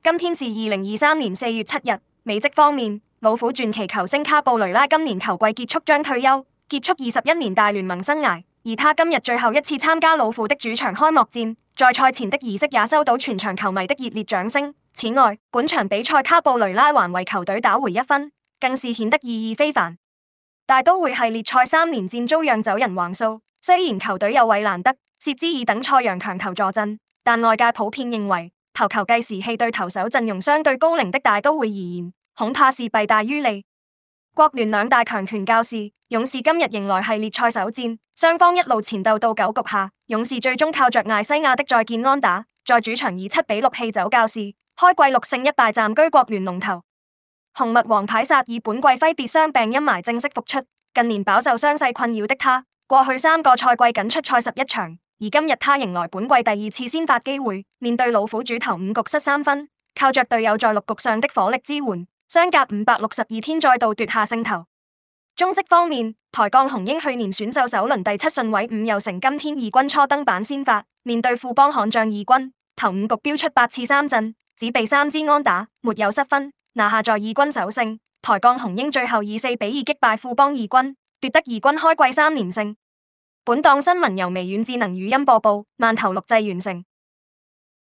今天是二零二三年四月七日。美職方面，老虎傳奇球星卡布雷拉今年球季結束將退休，結束二十一年大聯盟生涯。而他今日最後一次參加老虎的主場開幕戰，在賽前的儀式也收到全場球迷的熱烈掌聲。此外，本場比賽卡布雷拉還為球隊打回一分，更是顯得意義非凡。大都會系列賽三連戰遭釀酒人橫掃，雖然球隊有韋蘭德、薛之爾等賽揚強投助陣，但外界普遍認為。投球計時器對投手陣容相對高齡的大都會而言，恐怕是弊大於利。國聯兩大強權教士，勇士今日迎來系列賽首戰，雙方一路纏鬥到九局下，勇士最終靠着艾西亞的再見安打，在主場以七比六棄走教士，開季六勝一敗暫居國聯龍頭。紅襪王牌賽爾本季揮別傷病陰霾正式復出，近年飽受傷勢困擾的他，過去三個賽季僅出賽十一場。而今日他迎來本季第二次先發機會，面對老虎主投五局失三分，靠着隊友在六局上的火力支援，相隔五百六十二天再度奪下勝投。中職方面，台鋼雄鷹去年選秀首輪第七順位伍又成今天二軍初登板先發，面對富邦悍將二軍，投五局飆出八次三振，只被三支安打，沒有失分，拿下在二軍首勝。台鋼雄鷹最後以四比二擊敗富邦二軍，奪得二軍開季三連勝。本檔新聞由微軟智能語音播報，慢頭錄製完成。